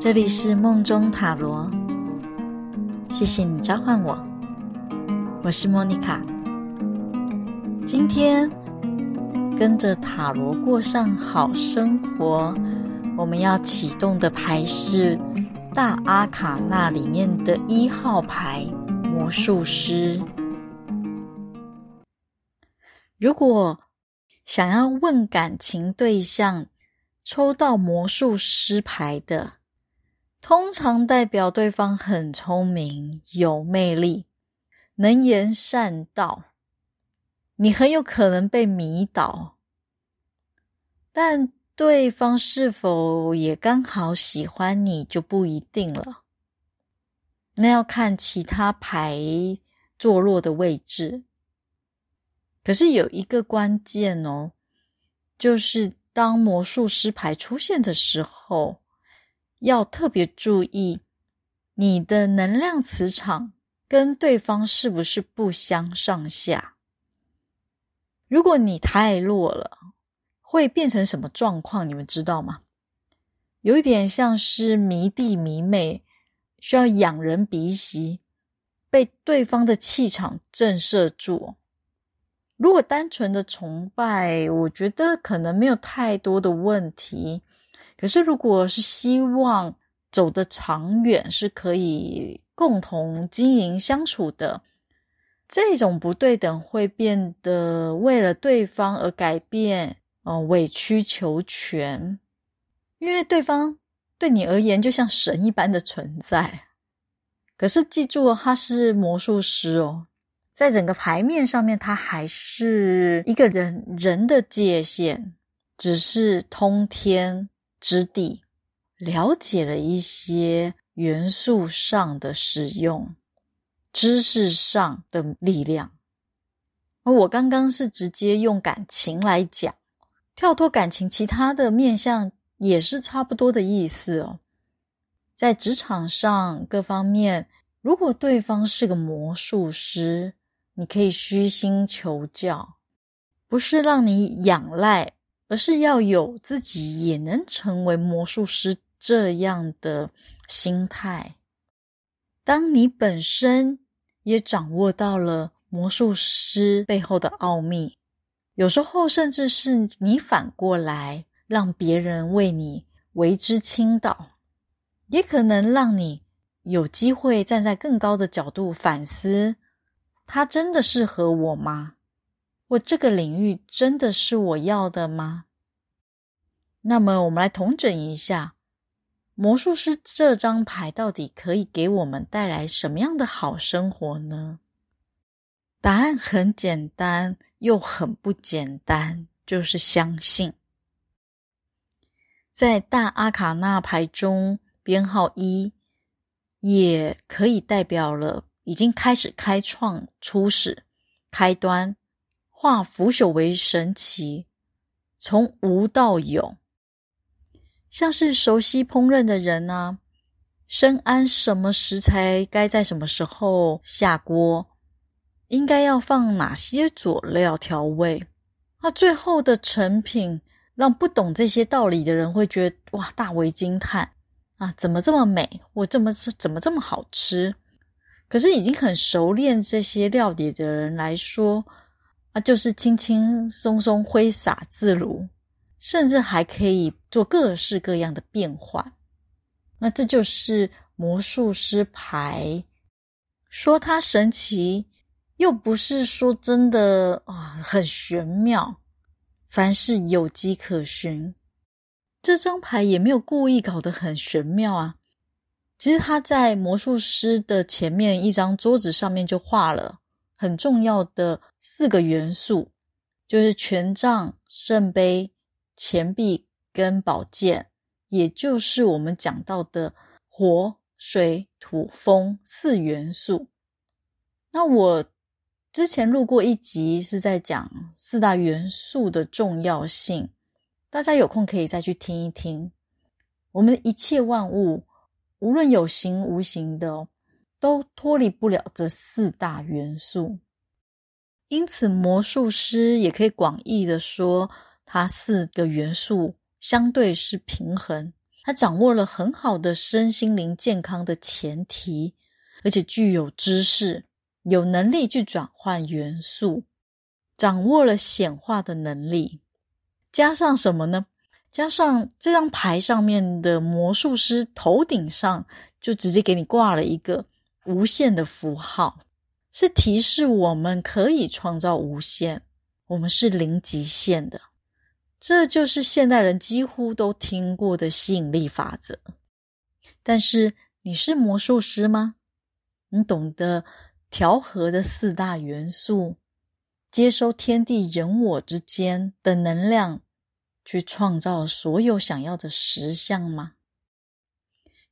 這裡是夢中塔羅，謝謝你召喚我，我是莫妮卡。今天跟着塔羅過上好生活，我們要啟動的牌是大阿卡納裡面的一號牌——魔術師。如果想要問感情對象，抽到魔術師牌的。通常代表對方很聰明、有魅力、能言善道，你很有可能被迷倒。但對方是否也剛好喜歡你就不一定了。那要看其他牌坐落的位置。可是有一個關鍵哦，就是當魔術師牌出現的時候，要特別注意，你的能量磁場跟對方是不是不相上下？如果你太弱了，會變成什麼狀況？你們知道嗎？有一點像是迷弟迷妹，需要仰人鼻息，被對方的氣場震懾住。如果單純的崇拜，我覺得可能沒有太多的問題。可是，如果是希望走得長遠，是可以共同經營相處的，這種不對等會變得為了對方而改變，哦、呃，委曲求全，因為對方對你而言就像神一般的存在。可是記住、哦，他是魔術師哦，在整個牌面上面，他還是一個人，人的界限，只是通天之地，了解了一些元素上的使用，知識上的力量。而我剛剛是直接用感情來講，跳脫感情，其他的面向也是差不多的意思哦。在職場上各方面，如果對方是個魔術師，你可以虛心求教，不是讓你仰賴。而是要有自己也能成為魔術師這樣的心態。當你本身也掌握到了魔術師背後的奧秘，有時候甚至是你反過來讓別人為你為之傾倒，也可能讓你有機會站在更高的角度反思，他真的適合我嗎？我這個領域真的是我要的嗎？那麼我們來統整一下，魔術師這張牌到底可以給我們帶來什麼樣的好生活呢？答案很簡單，又很不簡單，就是相信。在大阿卡納牌中，編號一也可以代表了，已經開始開創、初始、開端。化腐朽為神奇，從無到有，像是熟悉烹飪的人呢、啊，深諳什麼食材該在什麼時候下鍋，應該要放哪些佐料調味。那、啊、最後的成品，讓不懂這些道理的人會覺得哇，大為驚嘆啊！怎麼這麼美，我這麼怎麼這麼好吃？可是已經很熟練這些料理的人來說。啊，就是輕輕鬆鬆揮灑自如，甚至還可以做各式各樣的變換。那這就是魔術師牌，說它神奇，又不是說真的啊，很玄妙。凡事有跡可循，這張牌也沒有故意搞得很玄妙啊。其實他在魔術師的前面一張桌子上面就畫了。很重要的四個元素，就是權杖、聖杯、錢幣跟寶劍，也就是我們講到的火、水、土、風四元素。那我之前錄過一集是在講四大元素的重要性，大家有空可以再去聽一聽。我們一切萬物，無論有形無形的。都脫離不了這四大元素，因此魔術師也可以廣義的說，他四個元素相對是平衡。他掌握了很好的身心靈健康的前提，而且具有知識、有能力去轉換元素，掌握了顯化的能力，加上什麼呢？加上這張牌上面的魔術師頭頂上就直接給你掛了一個。無限的符號是提示我們可以創造無限，我們是零極限的。這就是現代人幾乎都聽過的吸引力法則。但是你是魔術師嗎？你懂得調和這四大元素，接收天地人我之間的能量，去創造所有想要的實相嗎？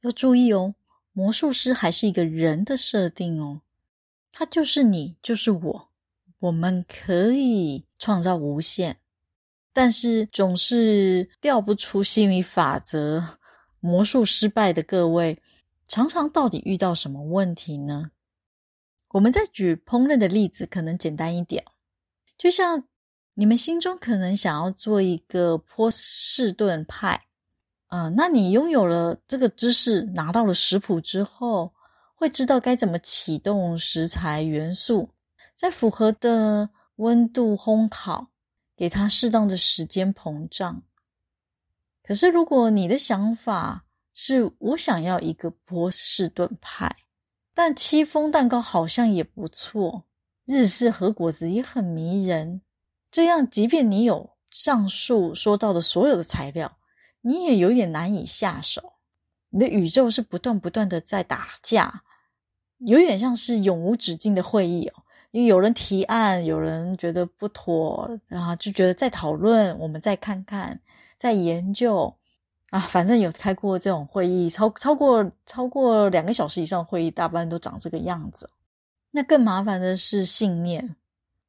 要注意哦。魔術師還是一個人的設定哦，他就是你，就是我，我們可以創造無限，但是總是調不出心理法則，魔術失敗的各位，常常到底遇到什麼問題呢？我們再舉烹飪的例子，可能簡單一點，就像你們心中可能想要做一個波士頓派。啊，那你擁有了這個知識，拿到了食譜之後，會知道該怎麼啟動食材元素，在符合的溫度烘烤，給它適當的時間膨脹。可是，如果你的想法是我想要一個波士頓派，但戚風蛋糕好像也不錯，日式和果子也很迷人。這樣，即便你有上述說到的所有的材料。你也有點難以下手，你的宇宙是不斷不斷的在打架，有點像是永無止境的會議哦。因為有人提案，有人覺得不妥，然後就覺得再討論，我們再看看，再研究啊。反正有開過這種會議，超超過超過兩個小時以上的會議，大半都長這個樣子。那更麻煩的是信念，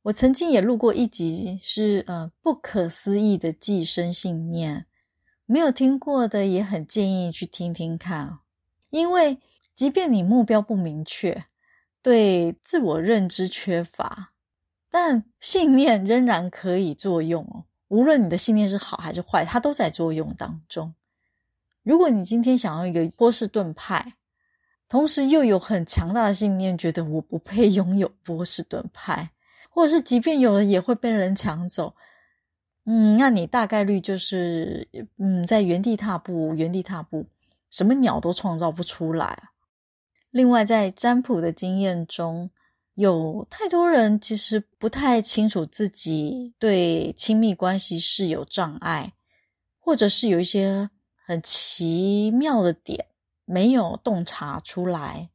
我曾經也錄過一集是，是呃不可思議的寄生信念。沒有聽過的也很建議去聽聽看哦，因為即便你目標不明確，對自我認知缺乏，但信念仍然可以作用哦。無論你的信念是好還是壞，它都在作用當中。如果你今天想要一個波士頓派，同時又有很強大的信念，覺得我不配擁有波士頓派，或者是即便有了也會被人搶走。嗯，那你大概率就是，嗯，在原地踏步，原地踏步，什麼鳥都創造不出來。另外，在占卜的經驗中，有太多人其實不太清楚自己對親密關係是有障礙，或者是有一些很奇妙的點沒有洞察出來，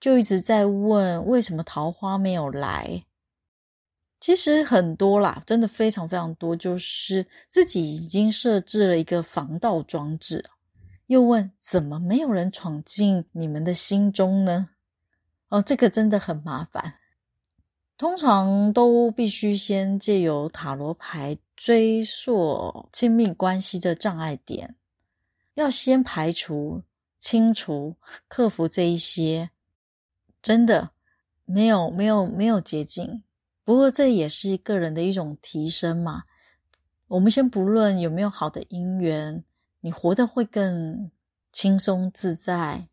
就一直在問為什麼桃花沒有來。其實很多啦，真的非常非常多，就是自己已經設置了一個防盜裝置。又問怎麼沒有人闖進你們的心中呢？哦，這個真的很麻煩，通常都必須先借由塔羅牌追溯親密關係的障礙點，要先排除、清除、克服這一些，真的，沒有、沒有、沒有捷徑。不過這也是一個人的一種提升嘛。我們先不論有沒有好的姻緣，你活得會更輕鬆自在。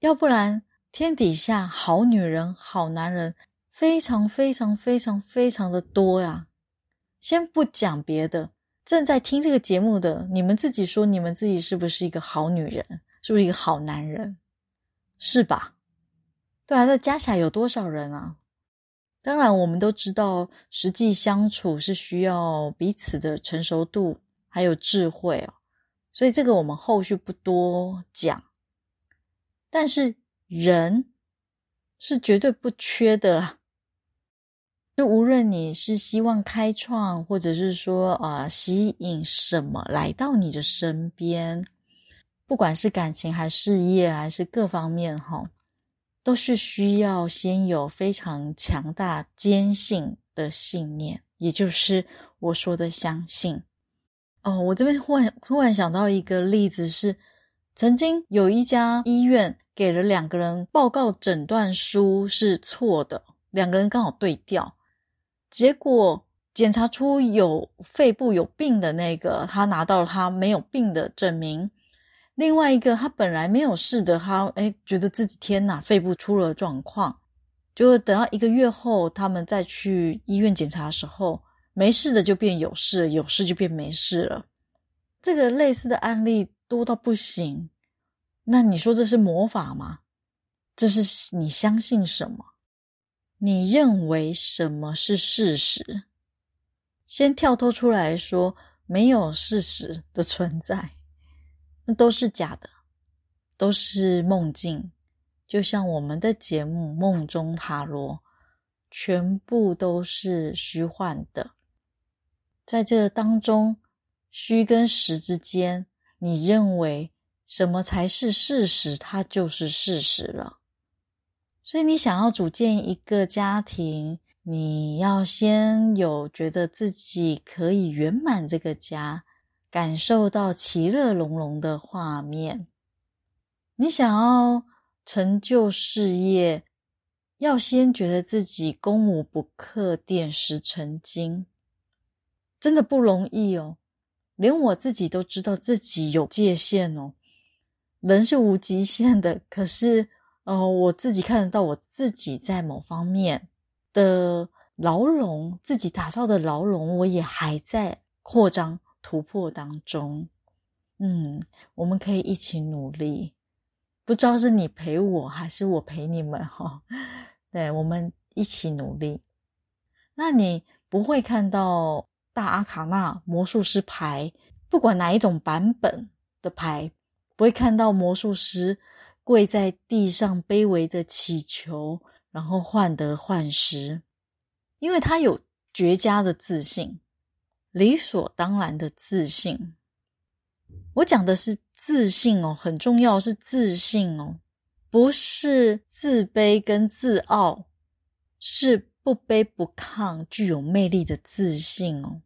要不然，天底下好女人、好男人非常非常非常非常的多呀。先不講別的，正在聽這個節目的，你們自己說，你們自己是不是一個好女人？是不是一個好男人？是吧？對啊，那加起來有多少人啊？當然，我們都知道，實際相處是需要彼此的成熟度還有智慧哦。所以這個我們後續不多講。但是人是絕對不缺的。就無論你是希望開創，或者是說啊、呃、吸引什麼來到你的身邊，不管是感情還是事業還是各方面哈、哦。都是需要先有非常強大堅信的信念，也就是我說的相信。哦，我這邊忽然忽然想到一個例子是，曾經有一家醫院給了兩個人報告診斷書是錯的，兩個人剛好對調，結果檢查出有肺部有病的那個，他拿到了他沒有病的證明。另外一個，他本來沒有事的，他哎，覺得自己天哪，肺部出了狀況，就等到一個月後，他們再去醫院檢查的時候，沒事的就變有事了，有事就變沒事了。這個類似的案例多到不行。那你說這是魔法嗎？這是你相信什麼？你認為什麼是事實？先跳脫出來說，沒有事實的存在。都是假的，都是夢境，就像我們的節目《夢中塔羅》，全部都是虛幻的。在這當中，虛跟實之間，你認為什麼才是事實，它就是事實了。所以，你想要組建一個家庭，你要先有覺得自己可以圓滿這個家。感受到其樂融融的畫面，你想要成就事業，要先覺得自己攻無不克、點石成金，真的不容易哦。連我自己都知道自己有界限哦。人是無極限的，可是呃，我自己看得到我自己在某方面的牢籠，自己打造的牢籠，我也還在擴張。突破當中，嗯，我們可以一起努力。不知道是你陪我還是我陪你們哈、哦？對，我們一起努力。那你不會看到大阿卡納魔術師牌，不管哪一種版本的牌，不會看到魔術師跪在地上卑微的祈求，然後患得患失，因為他有絕佳的自信。理所當然的自信，我講的是自信哦，很重要是自信哦，不是自卑跟自傲，是不卑不亢、具有魅力的自信哦。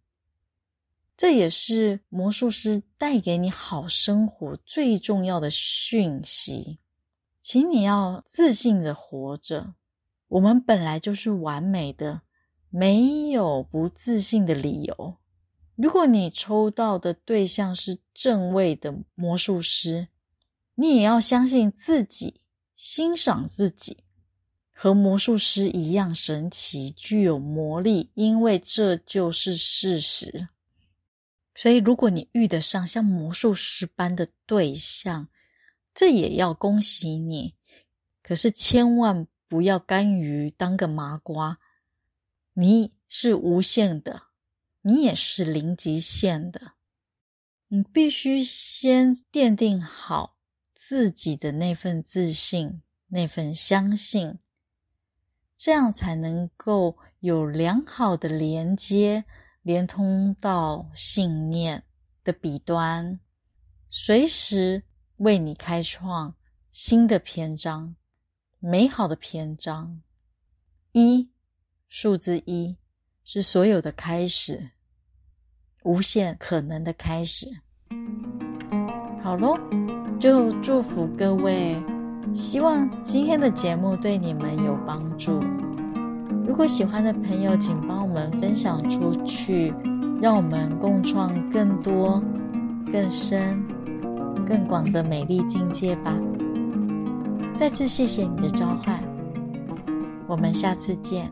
這也是魔術師帶給你好生活最重要的訊息，請你要自信的活着。我們本來就是完美的，沒有不自信的理由。如果你抽到的對象是正位的魔術師，你也要相信自己，欣賞自己，和魔術師一樣神奇，具有魔力，因為這就是事實。所以，如果你遇得上像魔術師般的對象，這也要恭喜你。可是，千萬不要甘於當個麻瓜，你是無限的。你也是零極限的，你必須先奠定好自己的那份自信、那份相信，這樣才能夠有良好的連接，連通到信念的彼端，隨時為你開創新的篇章、美好的篇章。一，數字一，是所有的開始。無限可能的開始。好咯，就祝福各位，希望今天的節目對你們有幫助。如果喜歡的朋友，請幫我們分享出去，讓我們共創更多、更深、更廣的美麗境界吧。再次謝謝你的召喚，我們下次見。